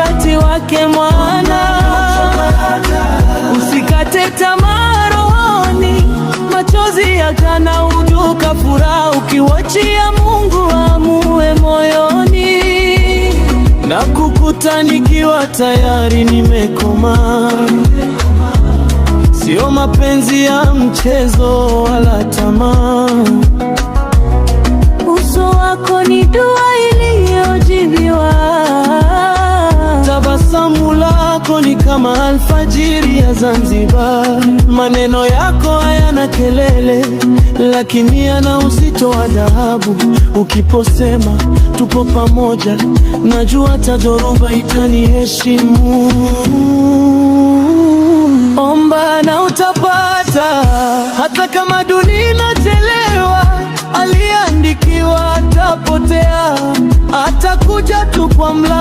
wakati wake mwana, usikate tamaa rohoni, machozi yatanaujuka furaha ukiwachia Mungu amue moyoni, na kukuta nikiwa tayari nimekoma, sio mapenzi ya mchezo wala tamaa, uso wako ni dua wako ni kama alfajiri ya Zanzibar. Maneno yako hayana kelele, lakini yana uzito wa dhahabu. Ukiposema tupo pamoja, najua hata dhoruba itaniheshimu. Omba na utapata, hata kama dunia inachelewa. Aliandikiwa atapotea, atakuja tu kwa mlango.